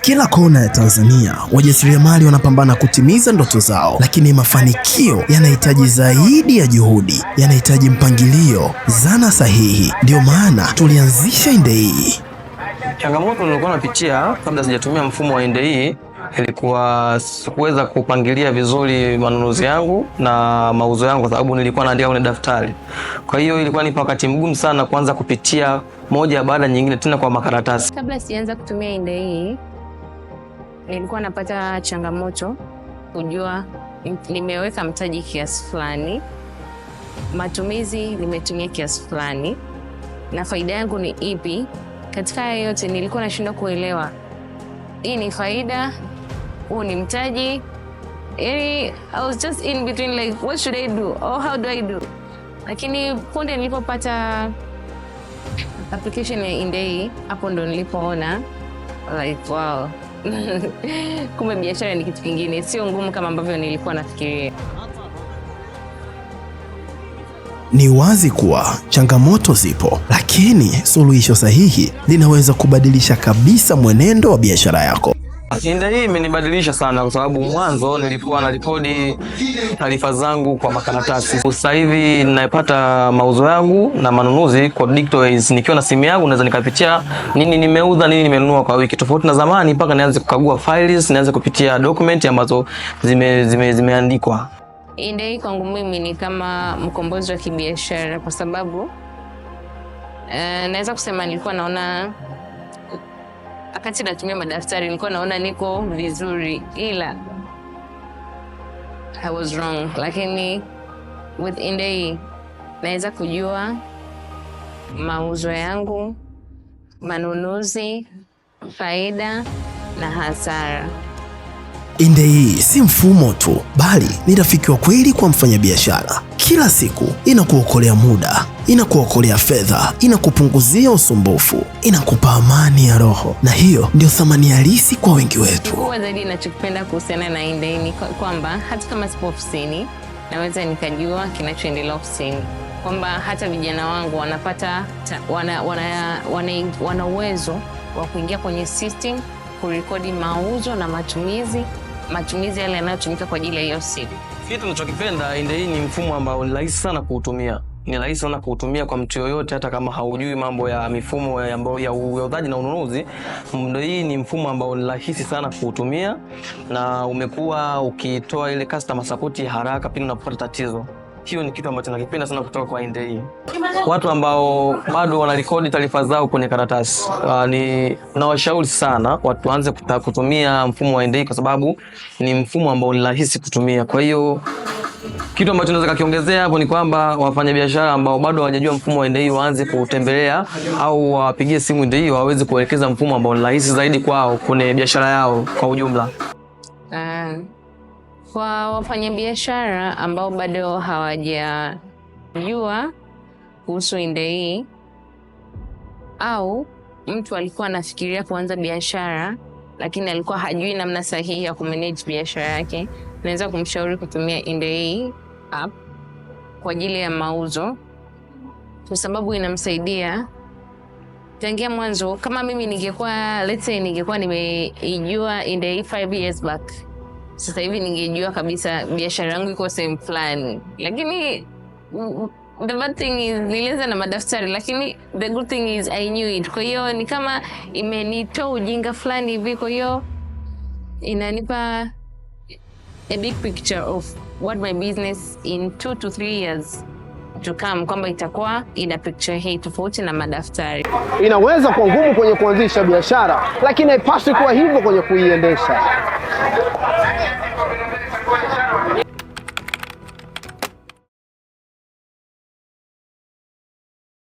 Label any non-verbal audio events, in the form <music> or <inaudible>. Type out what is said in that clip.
Kila kona ya Tanzania wajasiriamali wanapambana kutimiza ndoto zao, lakini mafanikio yanahitaji zaidi ya juhudi, yanahitaji mpangilio, zana sahihi. ndio maana tulianzisha INDEE. Changamoto nilikuwa napitia kabla sijatumia mfumo wa INDEE ilikuwa sikuweza kupangilia vizuri manunuzi yangu na mauzo yangu, kwa sababu nilikuwa naandika kwenye daftari. Kwa hiyo ilikuwa ni wakati mgumu sana kuanza kupitia moja baada nyingine, tena kwa makaratasi. Kabla sijaanza kutumia INDEE nilikuwa napata changamoto kujua nimeweka mtaji kiasi fulani, matumizi nimetumia kiasi fulani, na faida yangu ni ipi katika haya yote. Nilikuwa nashindwa kuelewa hii ni faida, huu ni mtaji. Yani, I was just in between like what should I do or how do I do. Lakini punde nilipopata application ya Indei, hapo ndo nilipoona like wow <laughs> kumbe biashara ni kitu kingine, sio ngumu kama ambavyo nilikuwa nafikiria. Ni wazi kuwa changamoto zipo, lakini suluhisho sahihi linaweza kubadilisha kabisa mwenendo wa biashara yako. Shinda hii imenibadilisha sana kwa sababu mwanzo nilikuwa naripodi taarifa zangu kwa makaratasi. Sasa hivi ninapata mauzo yangu na manunuzi kwa DictWise. Nikiwa na simu yangu naweza nikapitia nini nimeuza, nini nimenunua kwa wiki. Tofauti na zamani mpaka nianze kukagua files, nianze kupitia document ambazo zime, zime, zimeandikwa. hii kwangu mimi ni kama mkombozi wa kibiashara kwa sababu uh, naweza kusema nilikuwa naona wakati natumia madaftari nilikuwa naona niko vizuri, ila I was wrong. Lakini within day naweza kujua mauzo yangu, manunuzi, faida na hasara. Indei si mfumo tu, bali ni rafiki wa kweli kwa mfanyabiashara. Kila siku inakuokolea muda, inakuokolea fedha, inakupunguzia usumbufu, inakupa amani ya roho, na hiyo ndio thamani halisi kwa wengi wetu. zaidi nachokipenda kuhusiana na hii kwamba hata kama sipo ofisini, naweza nikajua kinachoendelea ofisini, kwamba hata vijana wangu wanapata wana, wana, wana, wana uwezo wa kuingia kwenye system kurekodi mauzo na matumizi matumizi yale yanayotumika kwa ajili ya hiyo siku. Kitu nachokipenda inde ni mfumo ambao ni rahisi sana kuutumia ni rahisi sana kuutumia kwa mtu yoyote, hata kama haujui mambo ya mifumo ya uuzaji na ununuzi. Ndio, hii ni mfumo ambao ni rahisi sana kuutumia na umekuwa ukitoa ile customer support ya haraka pindi unapopata tatizo. Hiyo ni kitu ambacho nakipenda sana kutoka kwa hii. Watu ambao bado wanarekodi taarifa zao kwenye karatasi, uh, ni nawashauri sana watu waanze kutumia mfumo wa NDA kwa sababu ni mfumo ambao ni rahisi kutumia, kwa hiyo kitu ambacho naweza kakiongezea hapo ni kwamba wafanyabiashara ambao bado hawajajua mfumo wa NDI waanze kutembelea au wapigie simu NDI waweze kuelekeza mfumo ambao ni rahisi zaidi kwao kwenye biashara yao kwa ujumla. Uh, kwa wafanyabiashara ambao bado hawajajua kuhusu NDI au mtu alikuwa anafikiria kuanza biashara lakini alikuwa hajui namna sahihi ya kumanage biashara yake naweza kumshauri kutumia IndaAI app kwa ajili ya mauzo, kwa sababu inamsaidia tangia mwanzo. Kama mimi ningekuwa let's say, ningekuwa nimeijua IndaAI 5 years back, sasa hivi ningejua kabisa biashara yangu iko sehemu fulani, lakini the bad thing is nilianza na madaftari, lakini the good thing is I knew it. Kwa hiyo ni kama imenitoa ujinga fulani hivi, kwa hiyo inanipa a big picture of what my business in two to three years to come, kwamba itakuwa ina picture hii tofauti na madaftari. Inaweza kuwa ngumu kwenye kuanzisha biashara, lakini haipaswi kuwa hivyo kwenye kuiendesha.